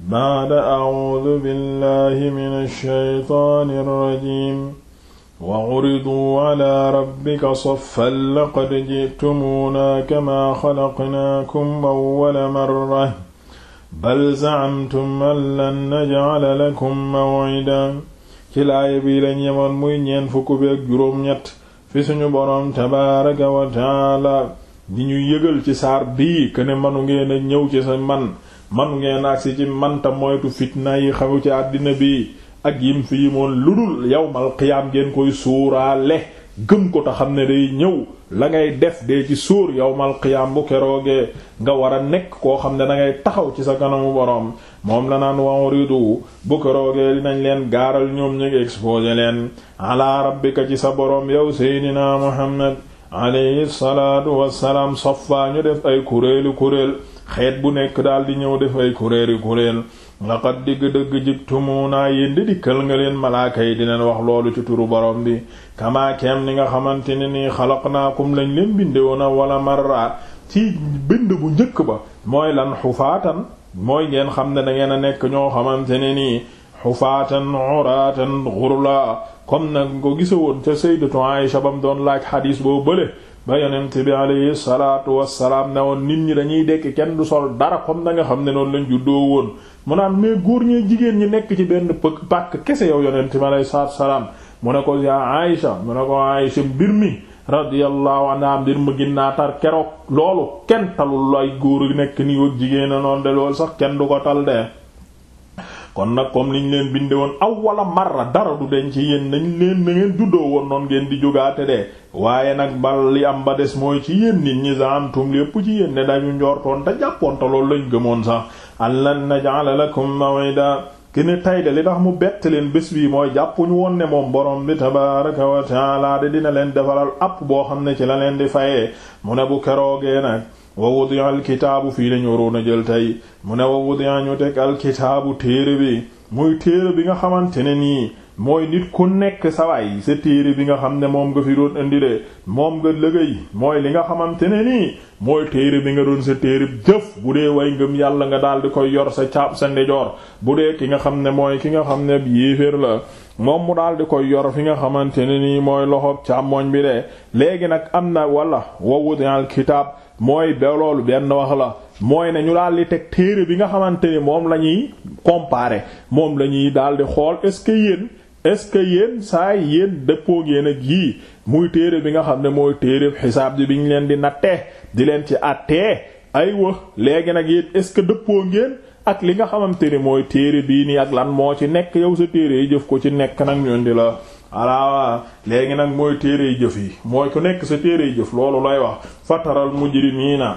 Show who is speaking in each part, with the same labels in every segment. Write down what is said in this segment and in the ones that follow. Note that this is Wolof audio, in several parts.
Speaker 1: baada acuudu billahi min alsheytaani alrajim wa curiduu cala rabbika safan laqad ji'tumuunaa kamaa xalaqnaakum awwala marra bal zacamtum an lan najcala lakum mawcidaa ci laaya bii lañ yemoon muy ñeent fukk bi ak juróom-ñett fi suñu boroom tabaaraka wa taala di ñu yëgal ci saar bii këne manu ngeen a ñëw ci sa man man ngeen agsi ci manta moytu fitna yi xaw ci àddina bi ak yim fi yimoon lu dul yawmal qiyaam ngeen koy suuraale gëm ko te xam ne day ñëw la ngay def dee ci suur yawmal qiyaam bu keroogee nga war a nekk koo xam ne da ngay taxaw ci sa kanamu boroom moom la naan wan ridu bu keroogee dinañ leen gaaral ñoom ñu ngi exposé leen ala rabbika ci sa boroom yow seydinaa muhammad alayhi salaatu wassalaam safaa ñu def ay kuréelu kuréel xeet bu nekk daal di ñëw dafay kuréeri kuréel laqad digg dëgg jiktumunaa yéen di dikkal nga leen malaaka yi dinañ wax loolu ci turu borom bi kamaakeem ni nga xamante ne nii xalaqnaakum lañ leen bindewoon na wala marra ci bind bu njëkk ba mooy lan xufaatan mooy ngeen xam ne da ngeen a nekk ñoo xamante ne nii xufaatan uraatan xurla comme nag ko gisa woon ca sayyidatu Aisha bam doon laaj xadiis boo bële ba yonent bi alayhi salaatu wassalaam ne woon nit ñi dañuy dekk kenn du sol dara comme na nga xam ne noonu lañ juddoo woon mu naan mais góor ñee jigéen ñi nekk ci benn pëkk pàkk kese yow yonent bi alayhi salaatu wassalaam mu ne ko yaa Aïsha mu ne ko Aïsha mbir mi radiyallahu anha mbir mu ginnaa tar keroog loolu kenn talul ay góor nekk nii ak jigéen a noonu de loolu sax kenn du ko tal de kon nag comme niñ leen binde woon awwala marra dara du den ci yéen nañ leen na ngeen juddoo woon noon ngeen di jógaate de waaye nag bal li am ba des mooy ci yéen nit ñi zaamtum lépp ci yéen ne dañu njortoon te jàppoon te loolu lañ gëmoon sax na allan naj'ala lakum maw'ida kene tay de li tax mu bett leen bés bii mooy jàppuñu woon ne moom borom bi tabaraka wa taala de dina leen defaral app boo xam ne ci la leen di fayee mu ne bu keroogee nag wa wudi'a alkitaabu fii lañu waroon a jël tey mu ne wa wudi'a ñu teg alkitaabu téere bi muy téere bi nga xamante ne nii mooy nit ku nekk sawaay sa téere bi nga xam ne moom nga fi doon indi de moom nga liggéey mooy li nga xamante ne nii mooy téere bi nga doon sa téere bi jëf bu dee way ngëm yàlla nga daal di koy yor sa caab sa ndijoor bu dee ki nga xam ne mooy ki nga xam ne yéeféer la moom mu daal di koy yor fi nga xamante ne nii mooy loxoob càmmoñ bi de léegi nag am walla mooy ba loolu benn wax la mooy ne ñu daal teg téere bi nga xamante ni moom la ñuy comparer moom la ñuy daal di xool est-ce que yéen est-ce que yéen saa yéen dëppoo yéen ak yii muy téere bi nga xam ne mooy téere xisaab bi bi ñu leen di nattee di leen ci àttee ay wax léegi nag yéen est-ce que dëppoo ngeen ak li nga xamante ni mooy téere bii nii ak lan moo ci nekk yow sa téere yi jëf ko ci nekk nag ñoon di la alaa léegi nag mooy téerey jëf yi mooy ku nekk sa téere jëf loolu lay wax fataral na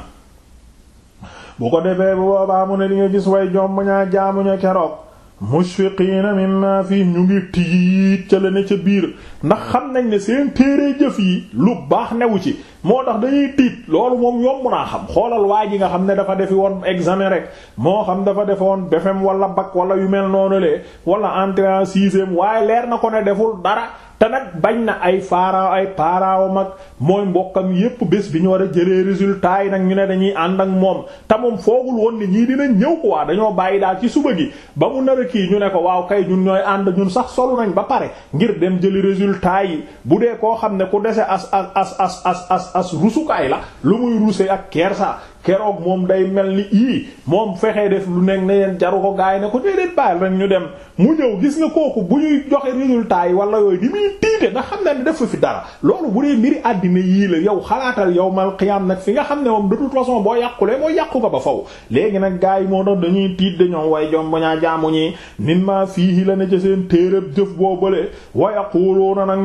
Speaker 1: bu ko defee bu boobaa mu ne di nga gis way jomb ñaa jaamuña keroog mushfiqiina mimma fii ñu ngi tiit ca la ne ca biir ndax xam nañ ne seen téere jëf yi lu baax newu ci moo tax dañuy tiit loolu moom yomb naa xam xoolal waa ji nga xam ne dafa defi woon examen rek moo xam dafa defe woon BFEM wala bac wala yu mel noonu le wala entrée en sixième waaye leer na ko ne deful dara te nag bañ na ay faaraaw ay paaraawam ak mooy mbokkam yépp bés bi ñu war a jëlee résultat yi nag ñu ne dañuy ànd ak moom te moom foogul woon ni ñii dinañ ñëw quoi dañoo bàyyi daal ci suba gi ba mu nar kii ñu ne ko waaw kay ñun ñooy ànd ñun sax solu nañ ba pare ngir dem jëli résultat yi bu dee koo xam ne ku dese as as as as as as rusukaay la lu muy rusé ak kersa keroog moom day mel ni ii moom fexee def lu nekk ne yeen jaru ko gaay ne ko déedéet bàyyi rek ñu dem mu ñëw gis nga kooku bu ñuy joxe résultat yi wala yooyu ni muy tiite ndax xam na ne defu fi dara loolu bu dee mbiri àddina yii la yow xalaatal yow mal xiyaam nag fi nga xam ne moom de toute façon boo yàqulee moo yàqu ko ba faw léegi nag gaay moo tax dañuy tiit de ñoom way jom bu ñaa jaamu ñi min ma fii la ne ca seen téeréb jëf boo bële wa yaquluuna nag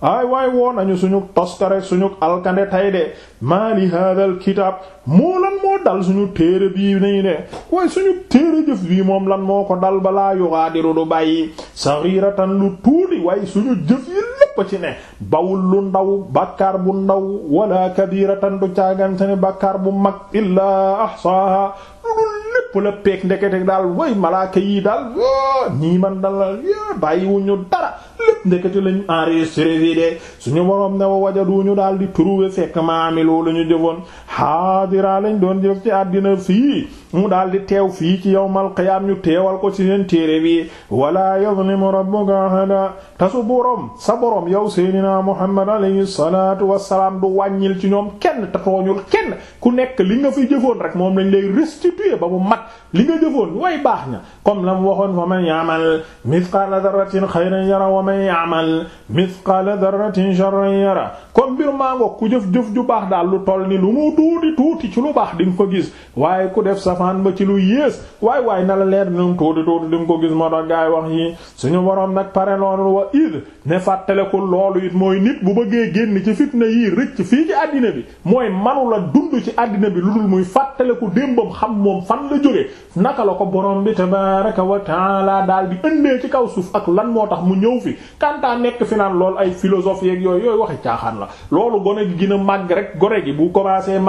Speaker 1: ay waay woo nañu suñu toskare suñu alkande tay de maali haadal kitaab moo lan moo dal suñu téere bii nii de waaye suñu téere jëf bii moom lan moo ko dal balaa yugaadiru du bàyyi saxiiratan lu tuuti waaye suñu jëf yi lépp ci ne bawul lu ndaw bàkkaar bu ndaw wala kabiiratan du caagante ne bàkkaar bu mag illaa ahsaaha lépp la peek ndekete daal way malaaka yi daal ñii man dal la bàyyiwuñu dara yépp ndekete lañu enregistré fii de suñu borom ne wa wajadu ñu daal di trouver fekk maami loolu ñu jëfoon xaadira lañ doon jóg ci àddina fii mu daal di teew fii ci yawmal qiyaam ñu teewal ko ci seen téere bi wala yazlimu rabbuka ahada tasu borom sa borom yow seydina muhammad alayhi salaatu wassalaam du wàññil ci ñoom kenn te tooñul kenn ku nekk li nga fi jëfoon rek moom lañ lay restituer ba mu mat li nga jëfoon way baax na comme la mu waxoon fa man ya'mal mithqala dharratin khayran yara wa man ya'mal mithqala dharratin sharran yara comme mbir maa ngoog ku jëf jëf ju baax daal lu toll ni lu mu tuuti tuuti ci lu baax di nga ko gis waaye ku def safaan ba ci lu yées waay waay na la leer ñoom tuuti tuuti di nga ko gis moo tax gaay wax yi suñu boroom nag pare noonu wa id ne fàttale ko it mooy nit bu bëggee génn ci fitna yii rëcc fii ci àddina bi mooy manu la dund ci àddina bi lu dul muy fàttale ko démbam xam moom fan la jógee naka la ko boroom bi tabaraka wa taala daal bi ëndee ci kaw suuf ak lan moo tax mu ñëw fi kantaa nekk fi lool ay philosophe yeeg yooyu yooyu waxi caaxaan la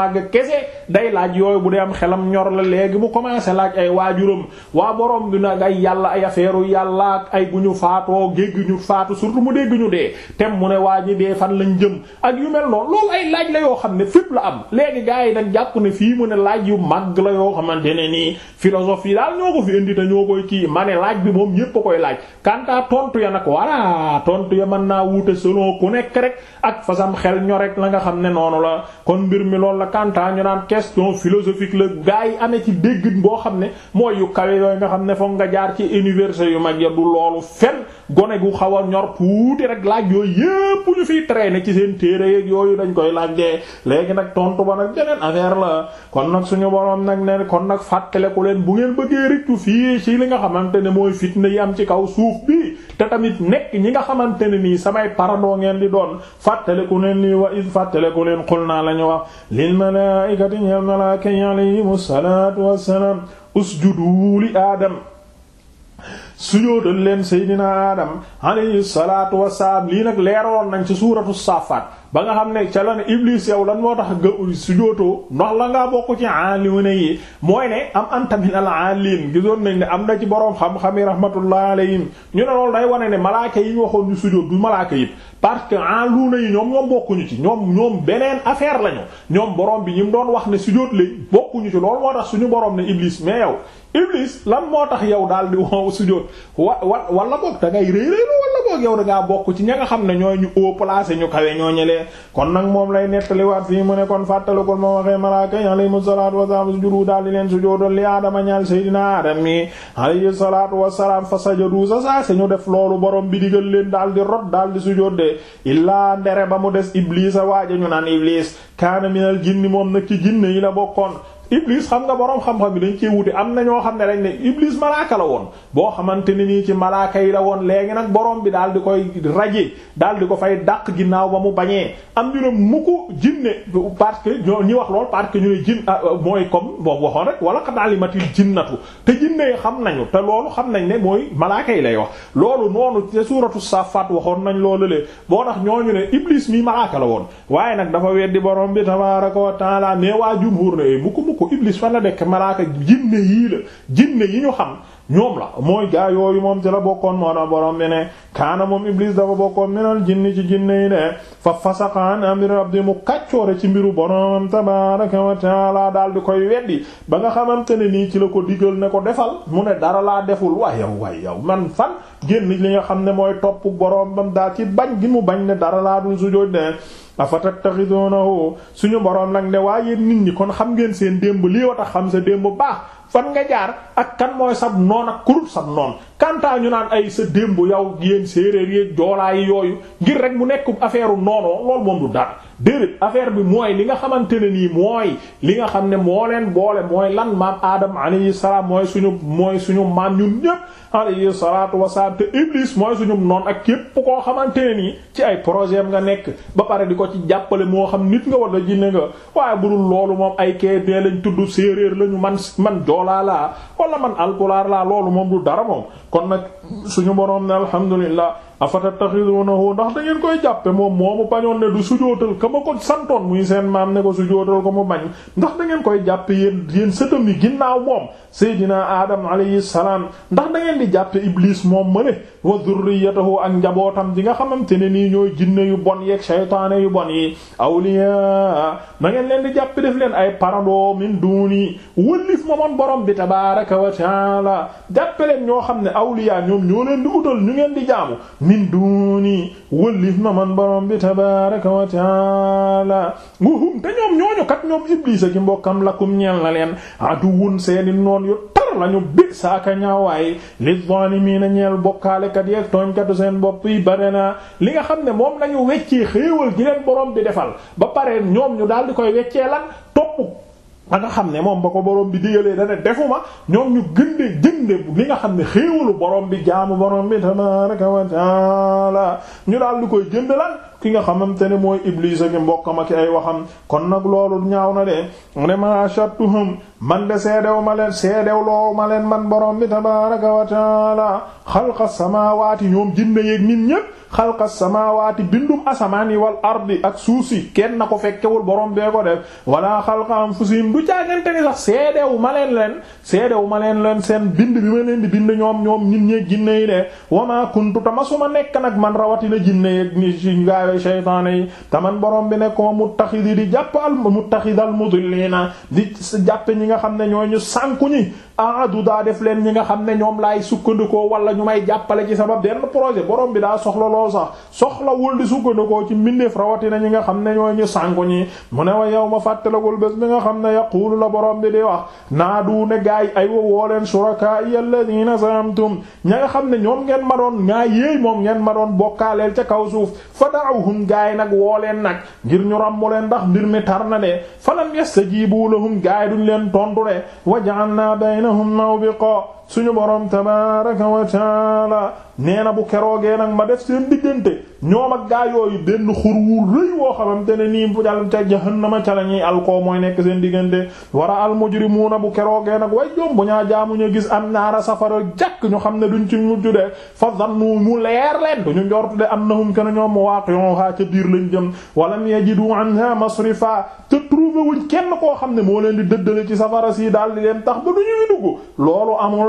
Speaker 1: màgg kese day laaj yooyu bu dee am xelam ñor la léegi mu commencé laaj ay waajuram waa borom bi nag ay yàlla ay affaire yàlla ak ay bu ñu faatoo dégg ñu faatu surtout mu dégg ñu dee tem mu ne waa ji dee fan lañ jëm ak yu mel noonu loolu laaj la yoo xam ne fépp la am léegi gars yi nag jàpp ne fii mu ne laaj yu màgg la yoo xamante ne nii philosophie daal ñoo ko fi indi te ñoo koy kii ma ne laaj bi moom yépp a koy laaj kanta tontu ya nag walla tontu ya man naa wuute selon ku nekk rek ak fasam xel ñor rek la nga xam ne noonu la kon mbir mi loolu la kantaa ñu naan question philosophique la gaa yi amee ci déggin boo xam ne mooy yu kawe yooyu nga xam ne foog nga jaar ci université yu mag ya du loolu fen gone gu xaw a ñor tuuti rek laaj yooyu yépp ñu fiy traîner ci seen téere yeeg yooyu dañ koy laaj dee léegi nag tontu ba nag beneen affaire la kon nag suñu borom nag ne kon nag fàttaleku leen bu ngeen bëggee rëccu fii si li nga xamante ne mooy fitna yi am ci kaw suuf bi te tamit nekk ñi nga xamante ne nii samay parandoo ngeen di doon fàttaleku leen lii wa id fàttaleku leen xul naa la wax lil malaikati ñeel malaaka yi alayhim salaatu wassalaam usjudu li aadam sujootal leen seydina aadam alayhi salaatu wassalaam lii nag leeroon nañ ci suuratu saafaat ba nga xam ne ca la ne Iblis yow lan moo tax nga sujootoo ndax la ngaa bokk ci aaliuna yi mooy ne am anta min al aaliin gisoon nañ ne am na ci boroom yi xami rahmatullah alayhim ñu ne loolu day wane ne malaaka yi ñu waxoon ñu sujoot du malaaka yëpp parce que aaluuna yi ñoom ñoom bokkuñu ci ñoom ñoom beneen affaire lañu ñoom borom bi ñi mu doon wax ne sujoot lay bokkuñu ci loolu moo tax suñu boroom ne Iblis mais yow Iblis lan moo tax yow daal di woow sujoot wa wa wala boog da ngay réeréeru wala nag yow da ngaa bokk ci ña nga xam ne ñooy ñu haut placé ñu kawe ñoo ñelee kon nag moom lay nettaliwaat fii mu ne kon fàttalikul ma waxee malaaka yi alayhi salaatu ñaal seydina aadam yi alayhi salaatu wasalaam fa sajadu sa saa si ñu def loolu borom bi digal leen daal di rot daal di sujoodee illaa ndere ba mu des a waaja ñu naan iblis kaana minal jinni moom nag ci jinne yi la bokkoon Iblis xam nga boroom xam-xam bi dañ cee wute am na ñoo xam ne dañ ne Iblis malaaka la woon boo xamante ne nii ci malaaka yi la woon léegi bi daal di koy raje daal di ko fay ba mu bañee am ñu ne mukk jinne que ñi ñu ne jin ah, ah, mooy comme boobu waxoon rek wala qad alimatil jinnatu te jinne xam nañu te loolu ne mooy malaaka yi lay wax loolu noonu te suuratu Saffaat waxoon nañ loolu le boo tax ñooñu ne Iblis mi malaaka la woon waaye nag dafa weddi boroom bi tabaaraka wa taala ne waa jumhur ne eh, mukk mukk ko iblis fan la nekk malaaka jinne yii jinne yi ñu xam ñoom la mooy gaa yooyu moom ci la bokkoon moo na borom bi ne kaana moom iblis dafa bokkoon minal jinni ci jinne yi de fa fasaqaan amri rabbi mu kàccoore ci mbiru borom tabaaraka wa laa dal di koy weddi ba nga xamante ne nii ci la ko digal ne ko defal mu ne dara laa deful waay yow waay yow man fan génn li nga xam ne mooy topp borom bam daal ci bañ gi mu bañ ne dara laa dul sujjóot de afatattaxidunahu suñu borom nag ne waaye nit ñi kon xam ngeen seen démb lii wa tax xam sa démb baax fan nga jaar ak kan mooy sab noon ak kurub sab noon kantaa ñu naan ay sa démb yow yéen séeréer yéen joolaa yooyu ngir rek mu nekk affaire u noonoo loolu moom du dara déedéet affaire bi mooy li nga xamante ne nii mooy li nga xam ne moo leen boole mooy lan maam Adam alayhi salaam mooy suñu mooy suñu maam ñun ñépp alayhi salaatu wasalaam te Iblis mooy suñu noon ak képp koo xamante ne nii ci ay projets nga nekk ba pare di ko ci jàppale moo xam nit nga wala jinne nga waaye budul loolu moom ay kee dee lañ tudd séeréer lañu man man joolaa laa wala man alpulaar laa loolu moom du dara moom kon nag suñu boroom ne alhamdulillah afatattaxidunahu ndax da ngeen koy jàppe moom moomu bañoon ne du sujootal ka ma ko santoon muy seen maam ne ko sujootal ko mu bañ ndax da ngeen koy jàppe yéen yéen sëtam yi ginnaaw moom seydina adam alayhi salaam ndax da ngeen di jàppe iblis moom ma mëne wa dhurriyatahu ak njabootam ji nga xamante ne nii ñooy jinne yu bon yeeg shaytaane yu bon yi awliya na ngeen leen di jàppe def leen ay parando min duni wëllif moomoon borom bi tabaraka wa taala jàppe leen ñoo xam ne awliya ñoom ñoo leen ñu ngeen di jaamu min duuni wëllif ma man borom bi tabaaraka wa taala wahum te ñoom ñooñu kat ñoom Iblis ak mbokkam lakum ñeel na leen aduwun seeni noon yu tar lañu bi saaka ñaawaay li zaalimiina ñeel bokkaalekat yeeg tooñkatu seen bopp yi bare na li nga xam ne moom lañu weccee xéewal gi leen borom bi defal ba pare ñoom ñu daal di koy weccee lan topp ba nga xam ne moom ba ko boroom bi digalee da ne defuma ñoom ñu gënde jënde li nga xam ne xéewalu borom bi jaamu borom bi tabaaraka wa taala ñu daal lu koy jënd lan ki nga xamante ne mooy Iblis ak mbokkam ak ay waxam kon nag loolu ñaaw na de ne ma ashatuhum man de seedew ma leen seedew loo man borom bi tabaaraka wa taala xalqa samaawaati ñoom jinne yeeg nit ñépp xalqa samaawaati bindum asamaan yi wal ardi ak suuf si kenn na ko fekkewul borom bee ko def wala xalqa anfusihim du caagante ni sax seedew ma leen leen seedew ma leen leen seen bind bi ma leen di bind ñoom ñoom nit ñeeg jinne yi de wa kuntu tamasuma nekk nag man gaayu seytaane yi taman borom bi ne ko muttaxidi di jàpp al muttaxidal mudillina di jàppe ñi nga xam ne ñooy ñu sànku ñi ahadu daa def leen ñi nga xam ne ñoom laay sukkandikoo wala ñu may jàppale ci sabab benn projet borom bi daa soxla loo sax soxlawul di sukkandikoo ci mbindeef rawatina ñi nga xam ne ñooy ñu sànku ñi yow ma fàttalagul bés bi nga xam ne yaquulu la borom bi wax naa du ne gaay ay wa woo leen shuraka alladhina zaamtum ña nga xam ne ñoom ngeen ma doon ngaa yéey moom ngeen ma doon bokkaaleel ca kaw suuf fa daawhum gaay nag woo leen nag ngir ñu ràmmu leen ndax mbir mi tar na de falam yastajibu lahum gaay duñ leen tontu de wa ja'alna bayna baynahum mawbiqa suñu borom tabaaraka wa taala nee na bu keroogee nag ma def seen diggante ñoom ak gaa yooyu benn xur wu rëy woo xamante ne nii bu dal ca jahannama ca la ñuy alkoo mooy nekk seen diggante wara al mujrimuuna bu keroogee nag way jom bu ñaa jaamu ñu gis am naara safara jàkk ñu xam ne duñ ci mujj de fa zannu mu leer leen duñu njortu de annahum kana ñoom waaqi'uha ca biir lañ jëm walam yajidu anha masrifa te trouvé wuñ kenn koo xam ne moo leen di dëddale ci safara si daal di leen tax ba duñu dugg